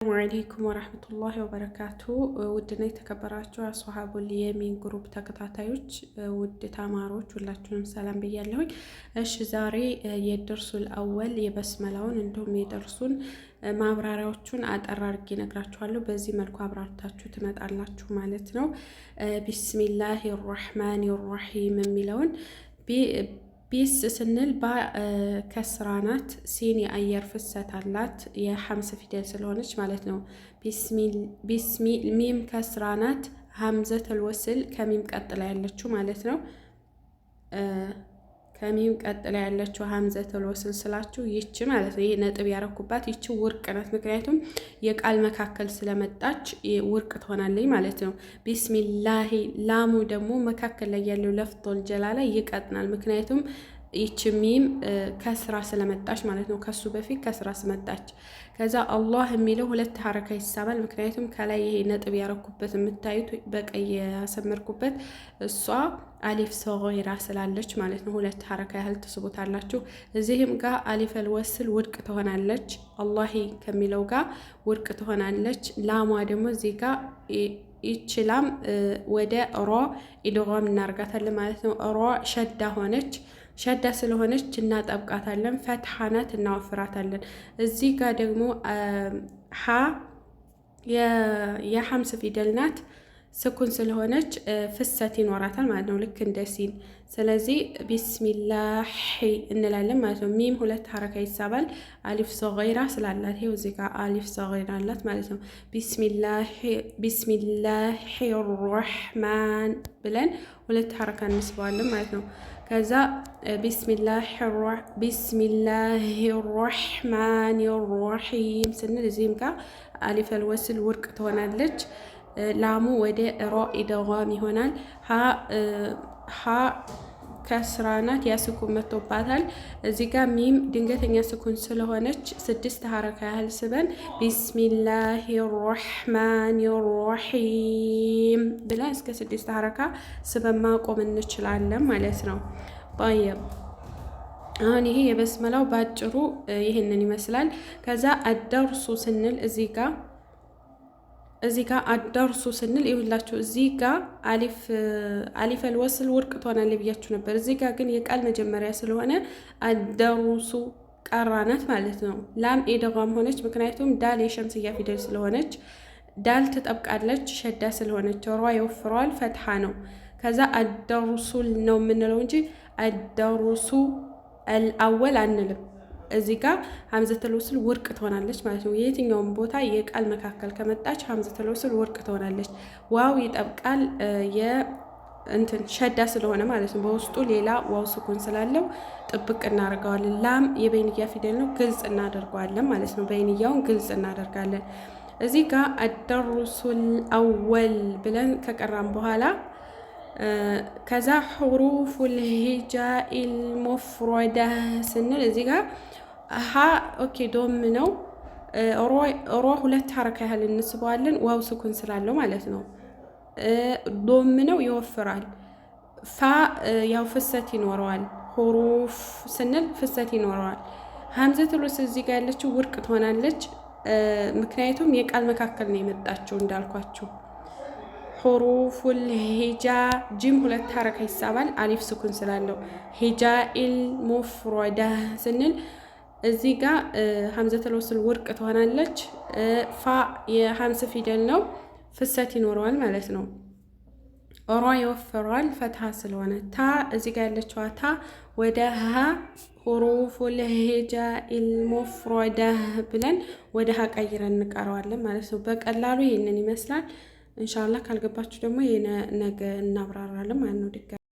ሰላሙ አለይኩም ወረህመቱላሂ ወበረካቱ። ውድና የተከበራችሁ አስሃቡል የሚን ግሩፕ ተከታታዮች ውድ ተማሪዎች ሁላችሁንም ሰላም ብያለሁኝ። እሺ ዛሬ የደርሱል አወል የበስመላውን እንዲሁም የደርሱን ማብራሪያዎቹን አጠር አድርጌ እነግራችኋለሁ። በዚህ መልኩ አብራርታችሁ ትመጣላችሁ ማለት ነው። ቢስሚላሂ ራህማኒ ራሂም የሚለውን ቢስ ስንል ከስራ ናት ሲን የአየር ፍሰት አላት የሐምስ ፊደል ስለሆነች ማለት ነው። ሚም ከስራ ናት ሐምዘተል ወስል ከሚም ቀጥላ ያለችው ማለት ነው። ከሚም ቀጥላ ያለችው ሀምዘተል ወስል ስላችሁ ይቺ ማለት ነው። ይህ ነጥብ ያረኩባት ይቺ ውርቅ ናት። ምክንያቱም የቃል መካከል ስለመጣች ውርቅ ትሆናለች ማለት ነው። ቢስሚላሂ ላሙ ደግሞ መካከል ላይ ያለው ለፍቶል ጀላላ ይቀጥናል። ምክንያቱም ይች ሚም ከስራ ስለመጣች ማለት ነው። ከሱ በፊት ከስራ ስመጣች ከዛ አላህ የሚለው ሁለት ሀረካ ይሳባል። ምክንያቱም ከላይ ይሄ ነጥብ ያረኩበት የምታዩት በቀይ ያሰመርኩበት እሷ አሊፍ ሰገራ ስላለች ማለት ነው። ሁለት ሀረካ ያህል ትስቡታላችሁ እዚህም ጋር አሊፍ አልወስል ውድቅ ትሆናለች። አላሂ ከሚለው ጋር ውድቅ ትሆናለች። ላሟ ደግሞ እዚህ ጋር ይችላም ወደ ሮ ኢድጋም እናርጋታለን ማለት ነው። ሮ ሸዳ ሆነች። ሸዳ ስለሆነች እናጠብቃታለን። ፈትሃ ናት እናወፍራታለን። እዚህ ጋር ደግሞ ሀ የሀምስ ፊደል ናት። ስኩን ስለሆነች ፍሰት ይኖራታል ማለት ነው፣ ልክ እንደ ሲን። ስለዚህ ቢስሚላሂ እንላለን ማለት ነው። ሚም ሁለት ሀረካ ይሳባል። አሊፍ ሰገይራ ስላላት ይኸው እዚህ ጋር አሊፍ ሰገይራ አላት ማለት ነው። ቢስሚላሂ ራሕማን ብለን ሁለት ሀረካ እንስበዋለን ማለት ነው። ከዛ ቢስሚላሂ ራሕማን ራሒም ስንል እዚህም ጋር አሊፍ አልወስል ውድቅ ትሆናለች። ላሙ ወደ ሮ ኢደዋም ይሆናል። ሀ ከስራናት ያስኩን መጥቶባታል። እዚህ ጋር ሚም ድንገተኛ ስኩን ስለሆነች ስድስት ሀረካ ያህል ስበን ቢስሚላሂ ራሕማን ራሒም ብላ እስከ ስድስት ሀረካ ስበን ማቆም እንችላለን ማለት ነው። ጠየብ አሁን ይሄ የበስመላው ባጭሩ ይህንን ይመስላል። ከዛ አደርሱ ስንል እዚህ ጋር እዚህ ጋር አዳርሱ ስንል ይሁላችሁ። እዚህ ጋር አሊፍ ልወስል ወርቅ ትሆናል ብያችሁ ነበር። እዚህ ጋር ግን የቃል መጀመሪያ ስለሆነ አዳርሱ ቀራናት ማለት ነው። ላም ኤደጓም ሆነች፣ ምክንያቱም ዳል የሸምስያ ፊደል ስለሆነች ዳል ትጠብቃለች። ሸዳ ስለሆነች ሯ የወፍረዋል፣ ፈትሓ ነው። ከዛ አዳርሱል ነው የምንለው እንጂ አዳሩሱ አልአወል አንልም። እዚህ ጋር ሀምዘተል ወስል ውርቅ ትሆናለች ማለት ነው። የትኛውም ቦታ የቃል መካከል ከመጣች ሀምዘተል ወስል ውርቅ ትሆናለች። ዋው ይጠብቃል እንትን ሸዳ ስለሆነ ማለት ነው። በውስጡ ሌላ ዋው ስኩን ስላለው ጥብቅ እናደርገዋለን። ላም የበይንያ ፊደል ነው፣ ግልጽ እናደርገዋለን ማለት ነው። በይንያውን ግልጽ እናደርጋለን። እዚህ ጋር አደሩሱል አወል ብለን ከቀራም በኋላ ከዛ ሑሩፉል ልሂጃ ሙፍረዳ ስንል እዚ ጋር ሀ ኦኬ ዶም ነው። ሮ ሁለት ሀረካ ያህል እንስበዋለን። ዋው ስኩን ስላለው ማለት ነው። ዶም ነው ይወፍራል። ፋ ያው ፍሰት ይኖረዋል። ሁሩፍ ስንል ፍሰት ይኖረዋል። ሀምዘት ሩስ እዚ ጋር ያለችው ውድቅ ትሆናለች። ምክንያቱም የቃል መካከል ነው የመጣችው እንዳልኳችሁ ሑሩፉል ሂጃ ጂም ሁለት ሀረካ ይሳባል። አሊፍ ስኩን ስላለው ሂጃ ኢል ሙፍረዳ ስንል እዚህ ጋ ሀምዘተል ወስል ውድቅ ትሆናለች። ፋ የሀምስ ፊደል ነው፣ ፍሰት ይኖረዋል ማለት ነው። ሮ ይወፈረዋል ፈትሀ ስለሆነ። ታ እዚህ ጋ ያለችዋ ታ ወደ ሀ ሁሩፉል ሂጃ ኢል ብለን ወደ ሀ ቀይረን እንቀረዋለን ማለት ነው። በቀላሉ ይህንን ይመስላል። እንሻላ ካልገባችሁ ደግሞ የነገ እናብራራለን ማለት ነው